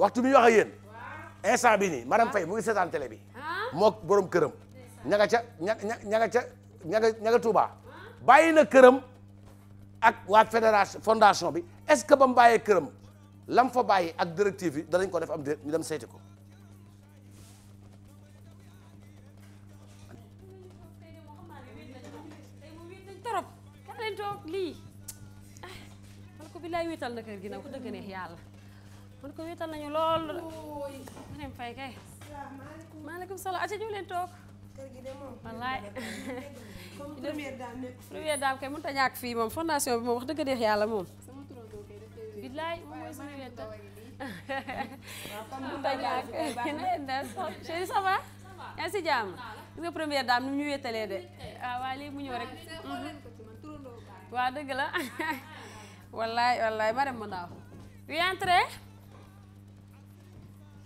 waxtu bi wax ak yéen instant bi nii madame Faye mu ngi seetaan télé bi ah. Ah. mook boroom këram ña ca ña ca ña nga ña bàyyi na këram ak waa fédération fondation bi est-ce que ba mu bàyyee këram lam fa bàyyi ak directive yi danañ ko def am ñu dem seeti ko torop kan toog lii ah, ko bi laay wéetal na kër gi nag ko dëgg neex yàlla man ko wéetal nañu lool. ma dem fay kay. maaleykum salaam aca ñu leen toog. kër gi de moom. wallaay. première dame kay mënut a ñàkk fii moom fondation bi moom wax dëgg neex yàlla moom. sama turandoo lay wér. mooy suñu wéetal. waaw comme mënut a ñàkk na ngeen def chéri ça si jàmm. gis nga première dame ni mu ñu wéetalee de. ah waaye léegi mu ñëw rek. waaw mhm. dëgg la. wallaay wallaay ma dem ma naaw. wi entré.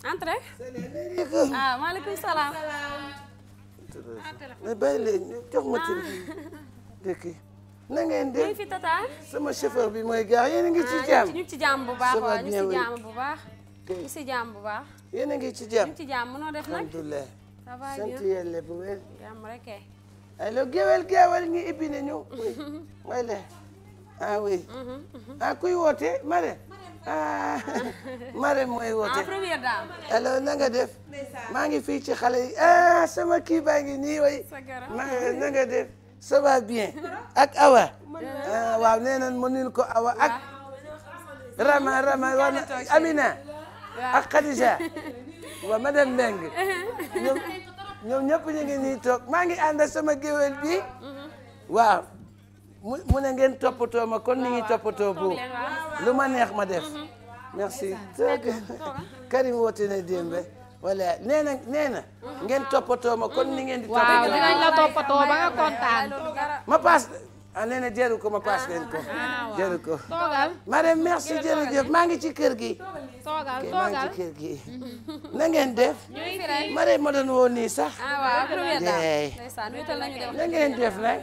entre ah maaleykum salaam. mais bàyyi jox ma ci dëkk ah. na ngeen def fi tata sama chauffeur bi mooy gars yéen a ah, ngi ci jàmm bu baax waaw ñu ci jàmm bu baax ñu ci jàmm bu baax yéen a ngi ci jàmm ñu ci jàmm mënoo def nag alhamdulilah ça va sant yàlla bu wér jàmm rek allo ñu ibbi nañu may le ah oui mhm, mhm. ah kuy woote mare ah mooy woote allo na nga def maa ngi fii ci xale yi ah, sama kii baa ngi nii way na nga def ça va bien ak Awa ah, waaw nee nañ ko Awa ak Rama Rama wa Amina ak Khadija wa madame Mbengue ñoom ñoom ñëpp ñu nii toog maa ngi ànd sama géwél bi mm-hmm. waaw mu ne ngeen toppatoo ma kon ni ngi toppatoo bu lu ma neex ma def mm-hmm. merci ah. Karim woote na démbe mm-hmm. voilà nee na nee na mm-hmm. ngeen toppatoo ma kon ni ngeen di toppatoo waaw ba nga kontaan ma paas ah nee na jëru ko ma paas leen ko. Ah, ah, jëru ko toogal. madame merci jërëjëf maa ngi ci kër gi. toogal toogal maa ngi ci kër gi. Mhm. na ngeen def. madame ma doon nii sax. ah waaw première dame na ngeen def nag.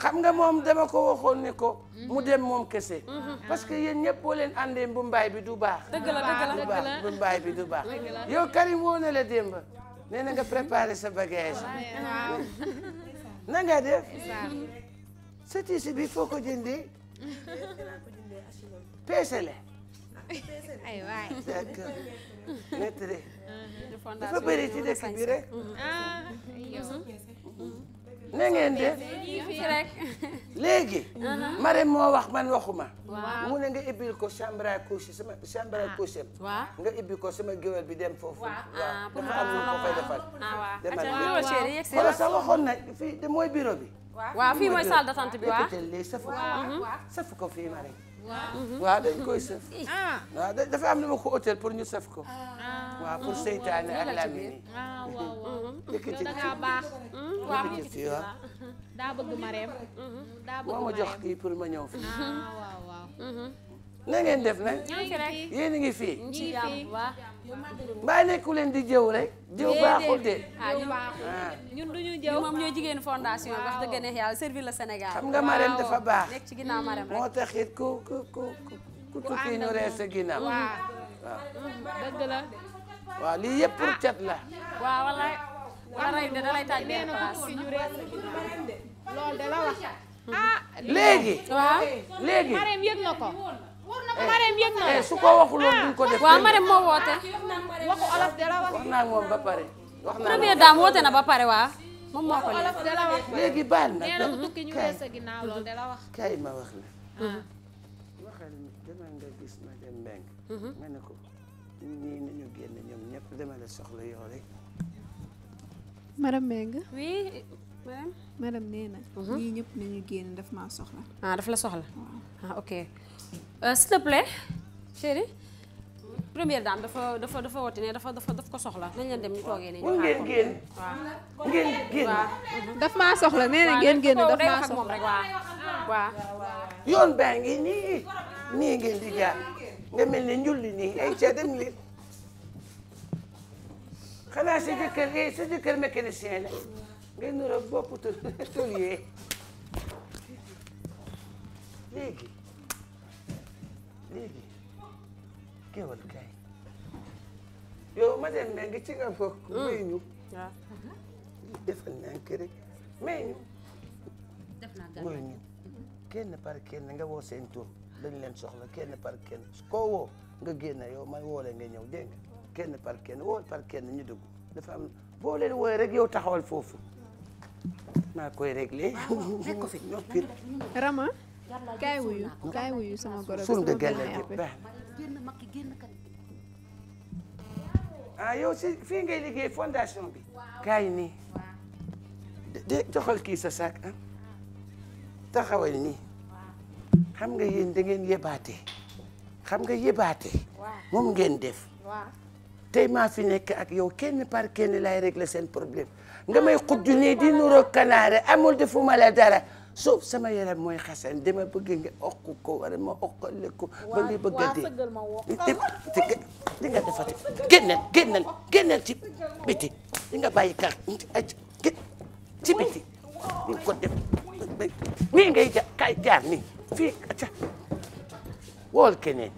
xam nga moom dama ko waxoon ne ko. Mhm. mu dem moom kese. Mhm. parce que yéen ñëpp boo leen àndee bu mbaay bi du baax. dëgg la dëgg la bu mbaay bi du baax. yow Karim woo na la démb. nee na nga préparé sa bagage. na def. sa tiisi bi foo ko jëndee. peese la. ay waay d'accord maître dafa bëri ci dëkk bi rek. na ngeen def léegi. Ah, ah. ma moo wax man waxuma. waaw ma ne nga ibbil ko chambre à coucher sama chambre à ah. coucher. nga ibbi ko sama géwél bi dem foofu. waaw dafa am lu ko fay defal. ah waaw waxoon na fii de mooy bureau bi. waaw fii mooy salle d'attente bi waaw sëf ko fii ma rek waaw dañ koy sëf ah. waaw dafa am na ma ko hôtel pour ñu sëf ko ah. waaw pour ah. seytaane ak la mi ni mhm. yëkkati baax daa bëgg Marème daa bëgg ma mhm. jox kii pour ma ñëw fii na ngeen def nag yéen a ngi fii mbaa nekku leen di jëw rek jëw baaxul de ah, ñun duñu jëw moom ñooy jigéen fondation wax dëgg neex yàlla servir le Sénégal xam nga Marème dafa baax nekk ci ginnaaw Marème rek moo tax it ku ku ku ku tukki ñu rees sa ginnaaw waaw dëgg la waaw lii yëpp pour ah. cat la waaw wallaay wallaay de dalay taaj benn place loolu de la wax ah léegi waaw léegi Marème yëg na ko Marème yëg na eh, eh, su ko waxul woon ah. duñ ko def. waaw Marème moo woote. waxu olof de la wax. wax naa moom ba pare. wax naa première dame woote na ba pare waa moom moo ko léegi baal na nee na tukki ñu wees a ginnaaw loolu de la wax. kay ma wax la. Ah. waxal demal nga gis ma dem mbeng. Mhm. ma ne ko ñii nañu génn ñoom ñëpp dama la soxla yow rek. Marème Mbengue. oui. madame madame nee na. Mhm. ñii ñëpp nañu génn daf maa soxla. ah la soxla. ah ok euh, s'il dafa dafa dafa dafa dafa daf ko soxla nañ leen dem ñu ngeen génn. daf maa soxla nee ngeen génn daf maa yoon baa ngi nii nii ngeen di jaar nga mel ne njulli nii ay ca dem leen sa jëkkër eh, sa jëkkër mécanicien la. ngay nuroog bopp tu tulliyee léegi léegi géwal kay yow ma dem ngi ci nga bokk may ñu defal nank rek may ñu may ñu kenn par kenn nga woo seen tur dañ leen soxla kenn par kenn koo woo nga génn yow may woolee nga ñëw dégg nga kenn par kenn wool par kenn ñu dugg dafa am boo leen wooye rek yow taxawal foofu maa koy réglé. ko fi noppi. Rama. kaay wuyu kaay wuyu sama goro bi sama ah yow si fii ngay liggéey fondation bi. kaay nii. de joxal kii sa saak ah. taxawal nii. xam nga yéen da ngeen yebaate. xam nga yebaate. moom ngeen def. tey maa fi nekk ak yow kenn par kenn laay réglé seen problème. nga may xujju nii di nuroo kanaare amul defuma la dara sauf sama yaram mooy xasan dama bëgg nga okk ko wala ma okkale ko ba nga bëgg a dee di nga defati génnal génnal ci biti di nga bàyyi ci biti di nga ko def kay jaar nii fii ca wool keneen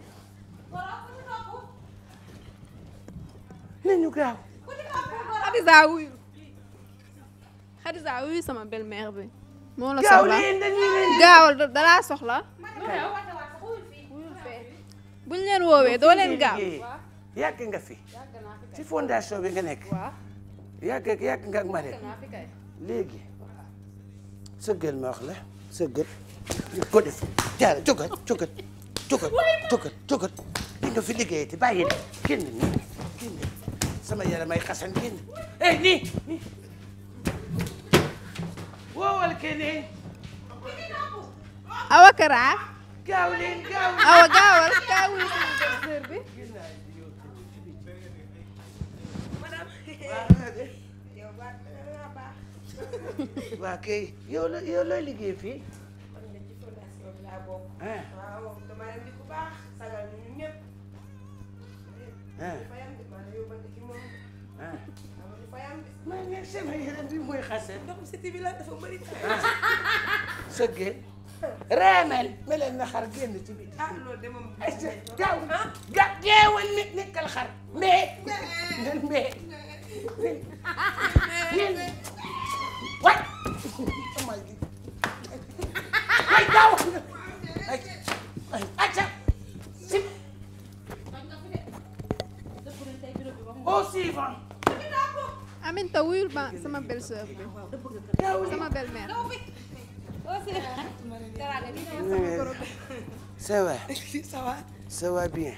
nañu gaaw Adiza wuyu sama belle-mère bi. moo la soxla gaawal dalaa soxla. buñ leen woowee doo leen gaaw. yàgg nga fi fondation bi nga nekk. yàgg yàgg nga ak Marème léegi sëggal ma wax la sëggal ñu ko def jaara jógal jógal jógal jógal jógal di nga fi liggéey te bàyyi ne génn nii kene awa Kara gaaw leen gaaw awa gaawal gaaw wuyu sër bi waa kay yow la maa ngi sama yaram bi mooy xase. ndox mi siti bi la dafa bëri. sëggee. reemel meleen na xar génn ci biti. ah loolu de moom. taw ga jeewal nit nekkal xar. mbee. mbee. way. way daw. acca. si. au suivant. Aminta wuyul ba sama belle sœur bi sama belle mère. ça va. ça va. ça va bien.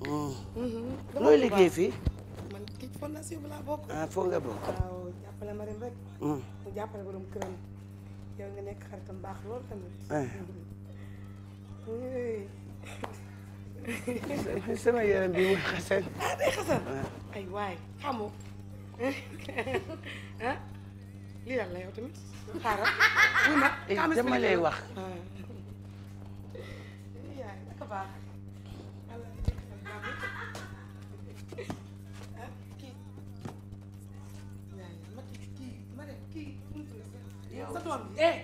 Mm. Mm-hmm. looy liggéey fii. man kii fondation bi laa bokk. ah foog bokk. Ah, waaw jàppale ma rek. Mm. mu jàppale borom këram. yow nga nekk xaritam baax ah. bi mooy xasan. Ah, ay waay ah lii lan la yow tamit xaaral. wuy ma kaamis eh, dama lay wax. sa doom bi eh,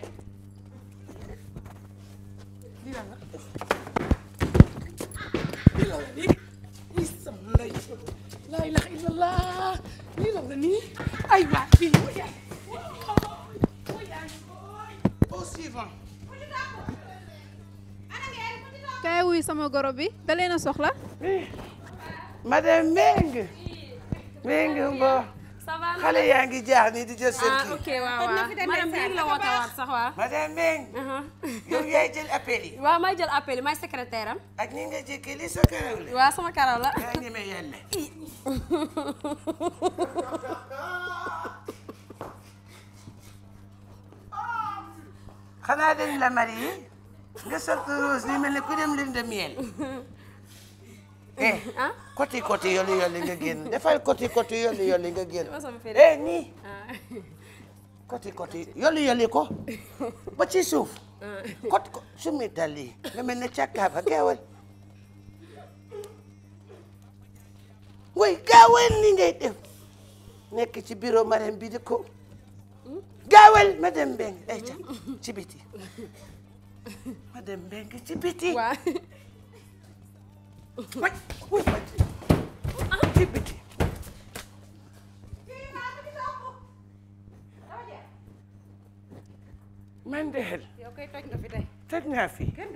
vent. kaay wuy sama goro bi da leen a soxla. madame Mbengue. Mbengue Mbow. xale yaa ngi jaax ni di jël seen ah, kii. ah la woote waat sax waaw. madame Mbengue. Uh-huh. yow yaay jël appel yi. waaw may jël appel yi may secrétaire am. sa karaw la. xanaa dañ la marié nga sol rose ni mel ne ku dem lune de miel eh côté ah? côté yoli yoli nga génn defal côté côté yoli yoli nga génn eh côté ah. côté yoli yoli ko ba ci suuf côté ah. ko sumi dal yi nga mel ne càkkaaba gaawal way gaawal ni ngay def nekk ci bureau marem bi di ko gaawal madame Mbengue ay eh, ci biti madame Mbengue ci biti. waaw. waj wuy waj ci biti. man de xel. yow kay toj nga fi naa fi.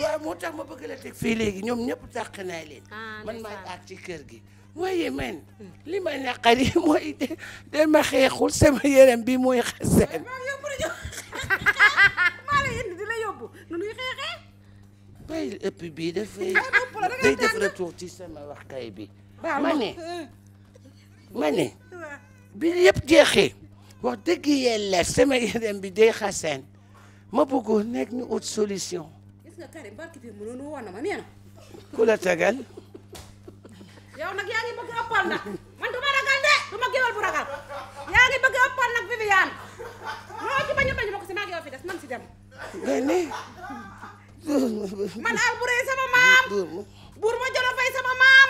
waaw moo tax ma bëgg la teg fii léegi ñoom ñëpp dàq naa leen ah, man maay aak ci kër gi waaye man li ma naqari mooy de ma xeexul sama yaram bi mooy xaseen maa la indi di la yóbbu nu nuy xeexee bàyyi ëpp bi dafay day def retour ci sama wax kay bi euh. ma ne ma ne bi yëpp jeexee wax dëgg yàlla sama yaram bi day xaseen ma bëggoon nekk ñu autre solution gis nga Karim barki bi mënoon woon na ma nee na. ku la tegal. yow nag yaa ngi bëgg ëppal nag man du ma ragal de du ma géwal bu ragal yaa ngi bëgg ëppal nag Viviane loo ci bañ a bañ ma ko si maa ngi yow fi des man si dem. benn. man Albourey sama maam. buur ma Jolo fay sama maam.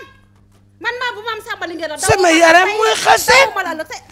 man maa bu maam Samba Linguère la. sama yaram muy xase.